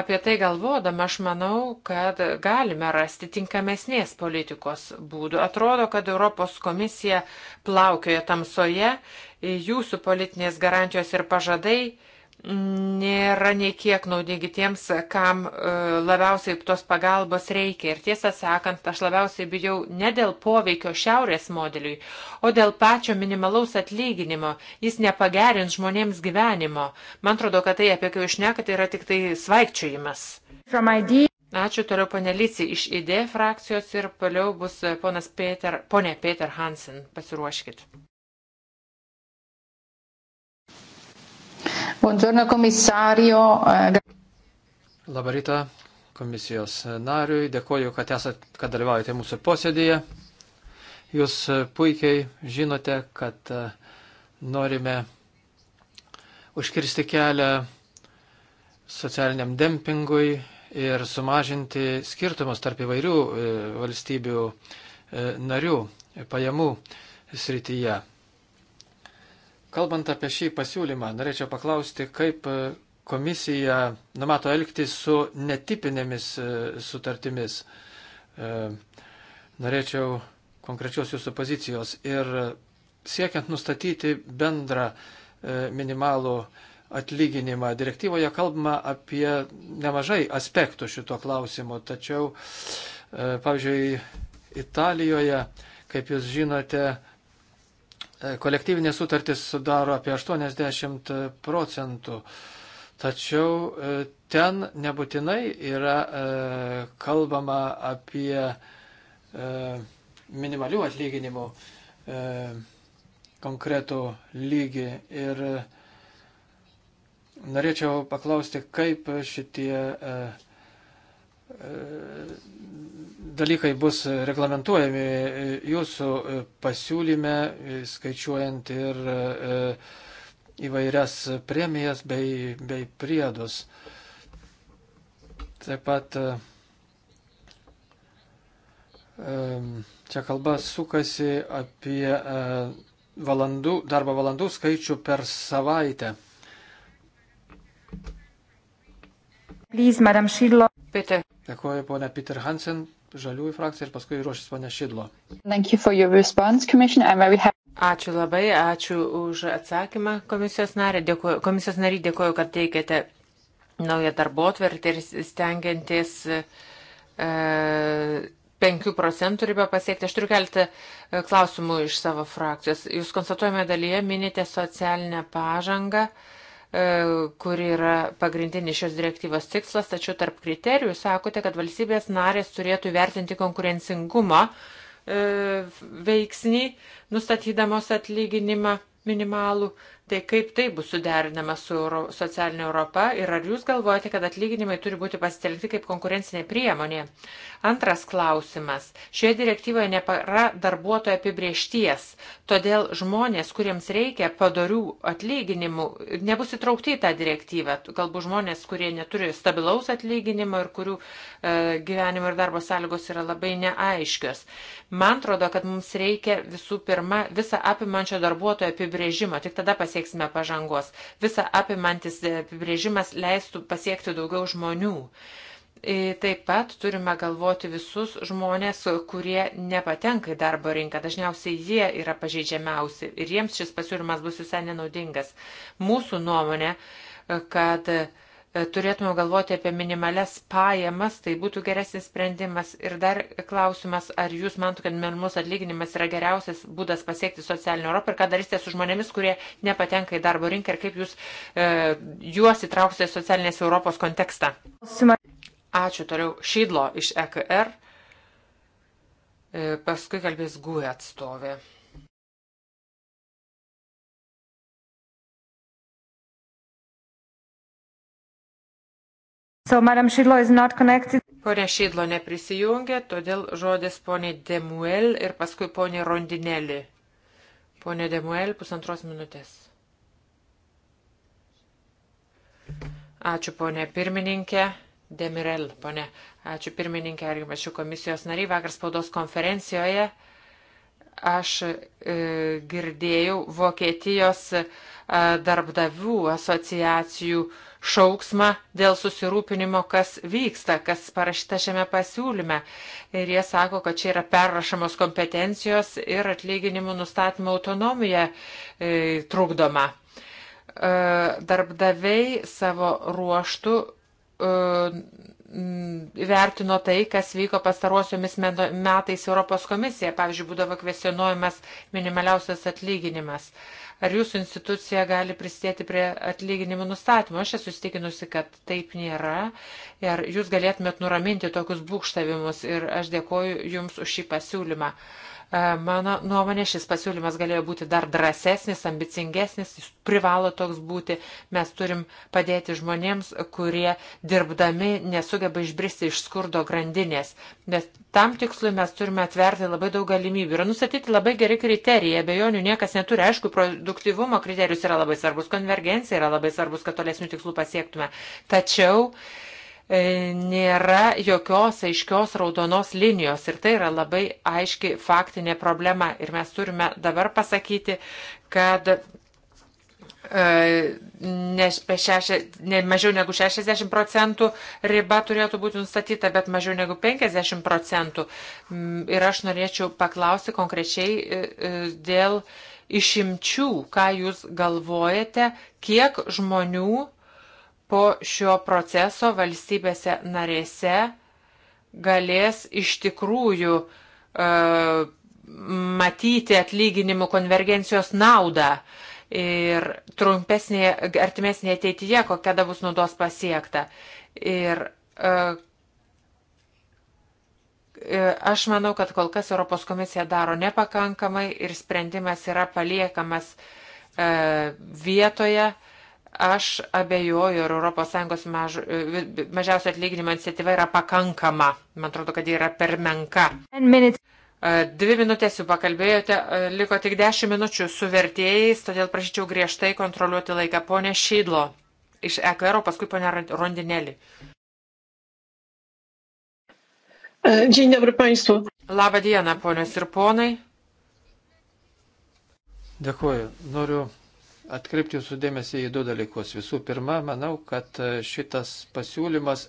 Apie tai galvodama aš manau, kad galime rasti tinkamesnės politikos būdų. Atrodo, kad Europos komisija plaukioja tamsoje, jūsų politinės garantijos ir pažadai nėra nei kiek naudingi tiems, kam e, labiausiai tos pagalbos reikia. Ir tiesą sakant, aš labiausiai bijau ne dėl poveikio šiaurės modeliui, o dėl pačio minimalaus atlyginimo. Jis nepagerins žmonėms gyvenimo. Man atrodo, kad tai, apie kai užnekat, yra tik tai svaikčiojimas. Ačiū toliau panelysi iš ID e frakcijos ir toliau bus ponas Peter, ponė Peter Hansen. Pasiruoškit. Buongiorno komisario. Eh, Labą rytą komisijos nariui. Dėkoju, kad, esat, kad dalyvaujate mūsų posėdėje. Jūs e, puikiai žinote, kad e, norime užkirsti kelią socialiniam dempingui ir sumažinti skirtumus tarp įvairių e, valstybių narių pajamų srityje. Kalbant apie šį pasiūlymą, norėčiau paklausti, kaip e, komisija numato elgtis su netipinėmis e, sutartimis. E, norėčiau konkrečios jūsų pozicijos ir siekiant nustatyti bendrą minimalų atlyginimą. Direktyvoje kalbama apie nemažai aspektų šito klausimu, tačiau, pavyzdžiui, Italijoje, kaip jūs žinote, Kolektyvinės sutartys sudaro apie 80 procentų, tačiau e, ten nebūtinai yra e, kalbama apie e, minimalių atlyginimų konkretų lygį. Ir norėčiau paklausti, kaip šitie dalykai bus reglamentuojami jūsų pasiūlyme, skaičiuojant ir e, įvairias premijas bei, bei priedus. Taip pat e, čia kalba sukasi apie e, valandų, darbo valandų skaičių per savaitę. Please, Madam Šidlo. Peter. Dėkuoju, ponia Peter Hansen žaliųjų frakciją ir paskui ruošis ponė Šidlo. Ačiū labai, ačiū už atsakymą komisijos narį. Dėkuoju, komisijos narį dėkuoju, kad teikėte naują darbo atvertį ir stengiantis e, 5 procentų ribą pasiekti. Aš turiu keletą e, klausimų iš savo frakcijos. Jūs konstatuojame dalyje minite socialinę pažangą. E, E, kur yra pagrindinis šios direktyvos tikslas, tačiau tarp kriterijų sakote, kad valstybės narės turėtų vertinti konkurencingumą e, veiksnį, nustatydamos atlyginimą minimalų. Tai kaip tai bus suderinama su Euro, socialinė Europa ir ar jūs galvojate, kad atlyginimai turi būti pasitelkti kaip konkurencinė priemonė? Antras klausimas. Šioje direktyvoje nėra darbuotojo apibriešties, todėl žmonės, kuriems reikia padarių atlyginimų, nebus įtraukti į tą direktyvą. Galbūt žmonės, kurie neturi stabilaus atlyginimo ir kurių e, gyvenimo ir darbo sąlygos yra labai neaiškios. Man atrodo, kad mums reikia visų pirma visą apimančio darbuotojo apibrėžimo. Tik tada pasiekti pasieksime pažangos. Visa apimantis apibrėžimas leistų pasiekti daugiau žmonių. E, taip pat turime galvoti visus žmonės, kurie nepatenka į darbo rinką. Dažniausiai jie yra pažeidžiamiausi ir jiems šis pasiūlymas bus visai nenaudingas. Mūsų nuomonė, kad uh, E, turėtume galvoti apie minimales pajamas, tai būtų geresnis sprendimas. Ir dar klausimas, ar jūs manote, kad minimalus atlyginimas yra geriausias būdas pasiekti socialinę Europą ir ką darysite su žmonėmis, kurie nepatenka į darbo rinką ir kaip jūs e, juos įtrauksite į socialinės Europos kontekstą. Ačiū toliau. Šydlo iš EKR. E, paskui kalbės GUE atstovė. So, Madam Šidlo is not connected. Pone Šidlo neprisijungė, todėl žodis ponė Demuel ir paskui ponė Rondinelį. Pone Demuel, pusantros minutės. Ačiū, ponė pirmininkė. Demirel, ponė. Ačiū pirmininkė ir šių komisijos nariai. Vakar spaudos konferencijoje aš e, girdėjau Vokietijos e, darbdavių asociacijų e, šauksmą dėl susirūpinimo, kas vyksta, kas parašyta šiame pasiūlyme. Ir jie sako, kad čia yra perrašamos kompetencijos ir atlyginimų nustatymo autonomija e, trukdoma. E, darbdaviai savo ruoštų e, vertino tai, kas vyko pastaruosiomis metais Europos komisija. Pavyzdžiui, būdavo kvesionuojamas minimaliausias atlyginimas. Ar jūsų institucija gali prisidėti prie atlyginimų nustatymo? Aš esu įstikinusi, kad taip nėra. Ir jūs galėtumėt nuraminti tokius būkštavimus. Ir aš dėkoju Jums už šį pasiūlymą. E, mano nuomonė, šis pasiūlymas galėjo būti dar drąsesnis, ambicingesnis, jis privalo toks būti. Mes turim padėti žmonėms, kurie dirbdami nesugeba išbristi iš skurdo grandinės. Nes tam tikslui mes turime atverti labai daug galimybių ir nustatyti labai geri kriterijai. Abejonių niekas neturi. Aišku, produktivumo kriterijus yra labai svarbus, konvergencija yra labai svarbus, kad tolesnių tikslų pasiektume. Tačiau e, nėra jokios aiškios raudonos linijos ir tai yra labai aiški faktinė problema. Ir mes turime dabar pasakyti, kad e, ne, šešia, ne mažiau negu 60 procentų riba turėtų būti nustatyta, bet mažiau negu 50 procentų. Ir aš norėčiau paklausti konkrečiai e, dėl uh, išimčių, ką jūs galvojate, kiek žmonių po šio proceso valstybėse narėse galės iš tikrųjų uh, matyti atlyginimų konvergencijos naudą ir trumpesnėje, artimesnėje ateityje, kokia da bus naudos pasiekta. Ir uh, E, aš manau, kad kol kas Europos komisija daro nepakankamai ir sprendimas yra paliekamas e, vietoje. Aš abejoju, ar ES maž, e, mažiausio atlyginimo iniciatyva yra pakankama. Man atrodo, kad ji yra per menka. Dvi minutės jau pakalbėjote, liko tik dešimt minučių su vertėjais, todėl prašyčiau griežtai kontroliuoti laiką. Pone Šydlo iš EKR, paskui pone Rondinėlį. E, dzień dobry Państwu. Labą dieną, ponios ir ponai. Dėkuoju. Noriu atkreipti jūsų dėmesį į du dalykus. Visų pirma, manau, kad šitas pasiūlymas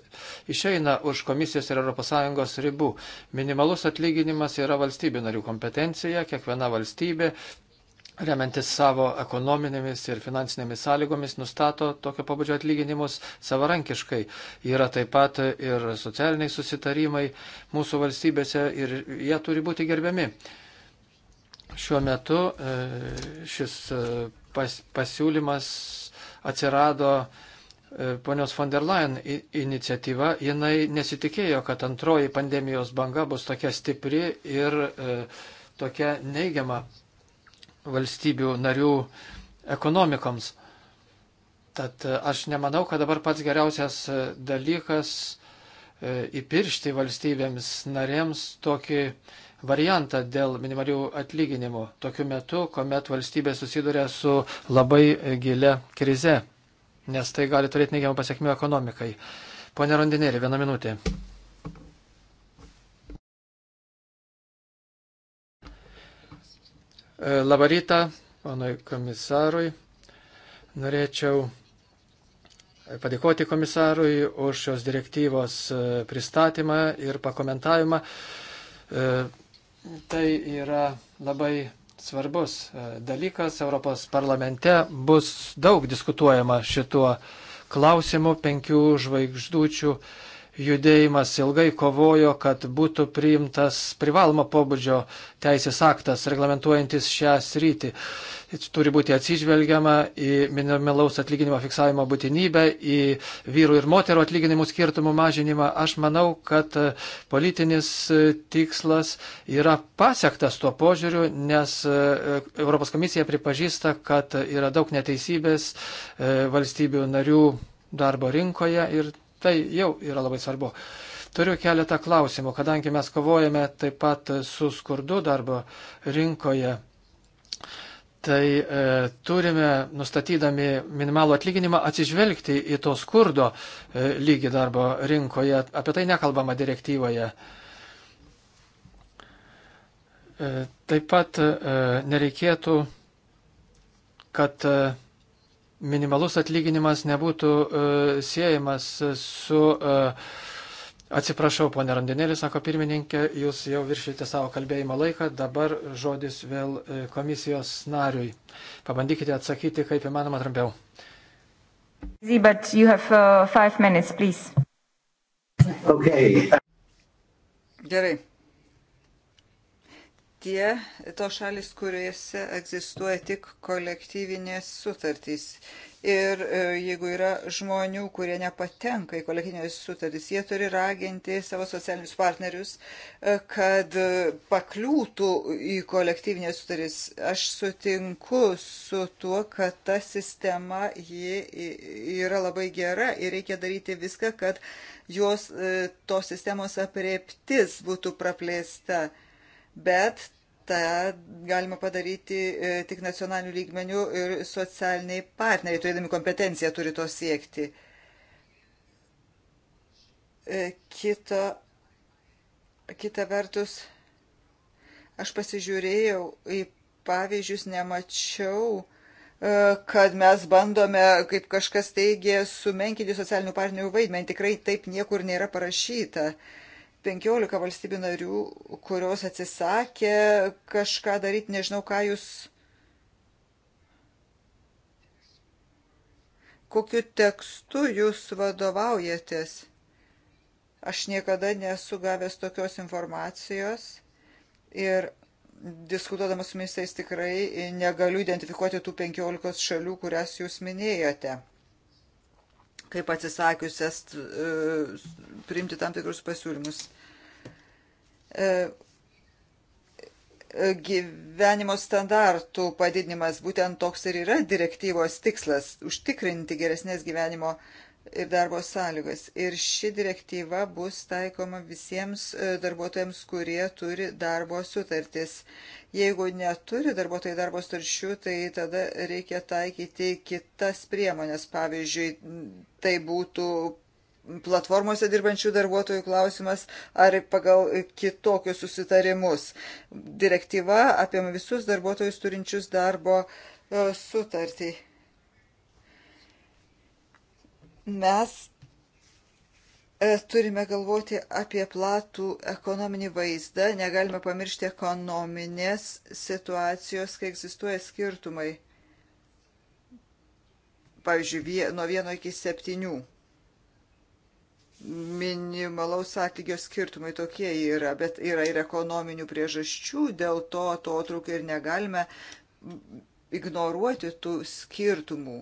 išeina už komisijos ir ES ribų. Minimalus atlyginimas yra valstybių narių kompetencija, kiekviena valstybė remiantis savo ekonominėmis ir finansinėmis sąlygomis, nustato tokio pabudžio atlyginimus savarankiškai. Yra taip pat ir socialiniai susitarimai mūsų valstybėse ir jie turi būti gerbiami. Šiuo metu e, šis e, pas, pasiūlymas atsirado e, ponios von der Leyen iniciatyva. Jinai nesitikėjo, kad antroji pandemijos banga bus tokia stipri ir tokia neigiama valstybių narių ekonomikoms. Tad e, aš nemanau, kad dabar pats geriausias e, dalykas e, įpiršti valstybėms narėms tokį variantą dėl minimalių atlyginimų tokiu metu, kuomet valstybė susiduria su labai gilia krize, nes tai gali turėti neigiamą pasiekmių ekonomikai. Pone Rondinėlį, vieną minutę. E, labą rytą, panui komisarui. Norėčiau padėkoti komisarui už šios direktyvos e, pristatymą ir pakomentavimą. E, tai yra labai svarbus dalykas. Europos parlamente bus daug diskutuojama šituo klausimu penkių žvaigždučių uh, judėjimas ilgai kovojo, kad būtų priimtas privaloma pobūdžio teisės aktas reglamentuojantis šią sritį. Turi būti atsižvelgiama į minimalaus atlyginimo fiksavimo būtinybę, į vyrų ir moterų atlyginimų skirtumų mažinimą. Aš manau, kad politinis tikslas yra pasiektas tuo požiūriu, nes e, Europos komisija pripažįsta, kad yra daug neteisybės e, valstybių narių darbo rinkoje ir Tai jau yra labai svarbu. Turiu keletą klausimų, kadangi mes kovojame taip pat su skurdu darbo rinkoje. Tai e, turime, nustatydami minimalų atlyginimą, atsižvelgti į to skurdo e, lygį darbo rinkoje. Apie tai nekalbama direktyvoje. E, taip pat e, nereikėtų, kad e, minimalus atlyginimas nebūtų e, siejamas su. E, atsiprašau, ponė Randinėlė, sako pirmininkė, jūs jau viršite savo kalbėjimo laiką, dabar žodis vėl e, komisijos nariui. Pabandykite atsakyti, kaip įmanoma, trumpiau. Uh, minutes, okay. Gerai, tie tos šalis, kuriuose egzistuoja tik kolektyvinės sutartys. Ir e, jeigu yra žmonių, kurie nepatenka į kolektyvinės sutartys, jie turi raginti savo socialinius partnerius, e, kad e, pakliūtų į kolektyvinės sutartys. Aš sutinku su tuo, kad ta sistema yra labai gera ir reikia daryti viską, kad jos tos sistemos apreptis būtų praplėsta bet tą galima padaryti e, tik nacionalinių lygmenių ir socialiniai partneriai, turėdami kompetenciją, turi to siekti. E, kita, kita vertus, aš pasižiūrėjau į pavyzdžius, nemačiau, e, kad mes bandome, kaip kažkas teigė, sumenkinti socialinių partnerių vaidmenį. Tikrai taip niekur nėra parašyta. Uh, 15 valstybių narių, kurios atsisakė kažką daryti, nežinau, ką jūs. Kokiu tekstu jūs vadovaujatės? Aš niekada nesu gavęs tokios informacijos ir diskutuodamas su ministrais tikrai negaliu identifikuoti tų 15 šalių, kurias jūs minėjote kaip atsisakiusias e, priimti tam tikrus pasiūlymus. E, e, gyvenimo standartų padidinimas būtent toks ir yra direktyvos tikslas - užtikrinti geresnės gyvenimo standartus ir darbo sąlygas. Ir ši direktyva bus taikoma visiems e, darbuotojams, kurie turi darbo sutartis. Jeigu neturi darbuotojai darbo sutarčių, tai tada reikia taikyti kitas priemonės. Pavyzdžiui, tai būtų platformose dirbančių darbuotojų klausimas ar pagal kitokius susitarimus. Direktyva apima visus darbuotojus turinčius darbo e, sutartį mes e, turime galvoti apie platų ekonominį vaizdą, negalime pamiršti ekonominės situacijos, kai egzistuoja skirtumai. Pavyzdžiui, nuo vieno iki septynių minimalaus atlygio skirtumai tokie yra, bet yra ir ekonominių priežasčių, dėl to to trūkai ir negalime ignoruoti tų skirtumų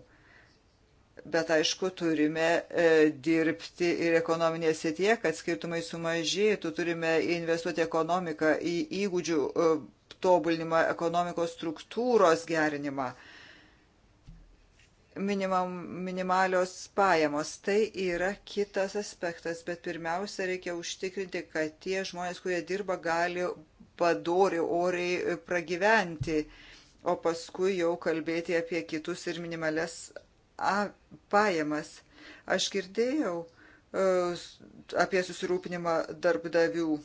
bet aišku, turime e, dirbti ir ekonominėje srityje, kad skirtumai sumažėtų, turime investuoti ekonomiką į įgūdžių e, tobulinimą, ekonomikos struktūros gerinimą. Minimum, minimalios pajamos. Tai yra kitas aspektas, bet pirmiausia, reikia užtikrinti, kad tie žmonės, kurie dirba, gali padori, oriai pragyventi, o paskui jau kalbėti apie kitus ir minimales pajamas. Aš girdėjau e, apie susirūpinimą darbdavių.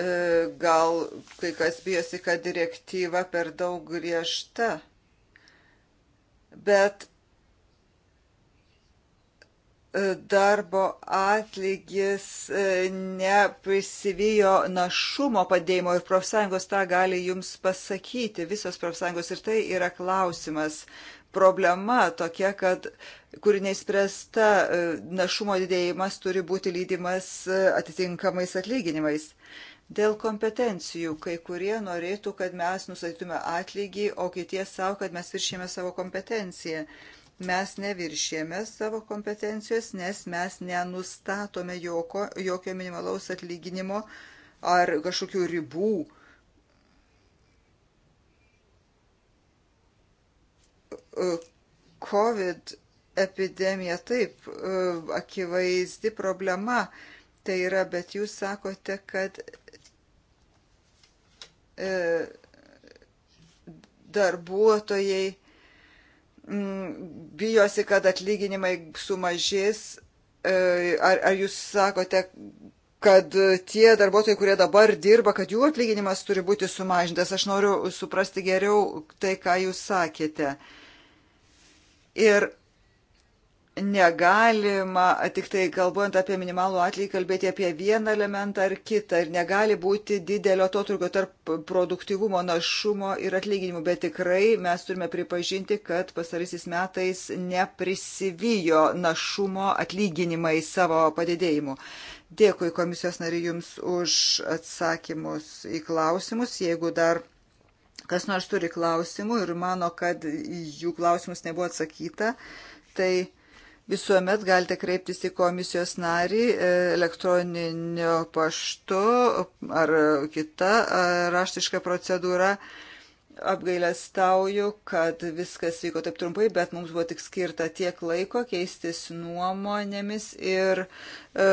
E, gal kai kas bijosi, kad direktyva per daug griežta, bet E, darbo atlygis e, neprisivijo našumo padėjimo ir profsąjungos tą gali jums pasakyti, visos profsąjungos ir tai yra klausimas. Problema tokia, kad kuri neįspręsta e, našumo didėjimas turi būti lydimas atitinkamais atlyginimais. Dėl kompetencijų kai kurie norėtų, kad mes nusatytume atlygį, o kitie savo, kad mes viršėme savo kompetenciją. Uh, mes neviršėme savo kompetencijos, nes mes nenustatome joko, jokio minimalaus atlyginimo ar kažkokių ribų. COVID epidemija taip, akivaizdi problema tai yra, bet jūs sakote, kad e, darbuotojai Mm, bijosi, kad atlyginimai sumažės. E, ar, ar jūs sakote, kad tie darbuotojai, kurie dabar dirba, kad jų atlyginimas turi būti sumažintas? Aš noriu suprasti geriau tai, ką jūs sakėte. Ir negalima, tik tai kalbant apie minimalų atlygį, kalbėti apie vieną elementą ar kitą ir negali būti didelio to turgo tarp produktivumo, našumo ir atlyginimų, bet tikrai mes turime pripažinti, kad pasarysis metais neprisivijo našumo atlyginimai savo padidėjimu. Dėkui komisijos nariai Jums už atsakymus į klausimus. Jeigu dar kas nors turi klausimų ir mano, kad jų klausimus nebuvo atsakyta, tai visuomet galite kreiptis į komisijos narį e, elektroniniu paštu ar kita e, raštiška procedūra. Apgailestauju, kad viskas vyko taip trumpai, bet mums buvo tik skirta tiek laiko keistis nuomonėmis ir e,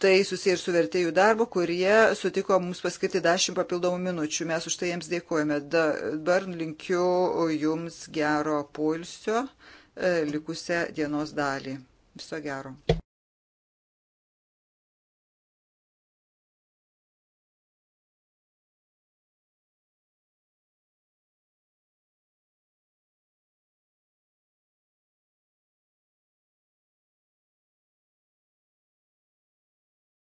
tai susiję ir su vertėjų darbu, kurie sutiko mums paskirti 10 papildomų minučių. Mes už tai jiems dėkojame. Dabar linkiu jums gero pulsio likusią dienos dalį. Viso gero.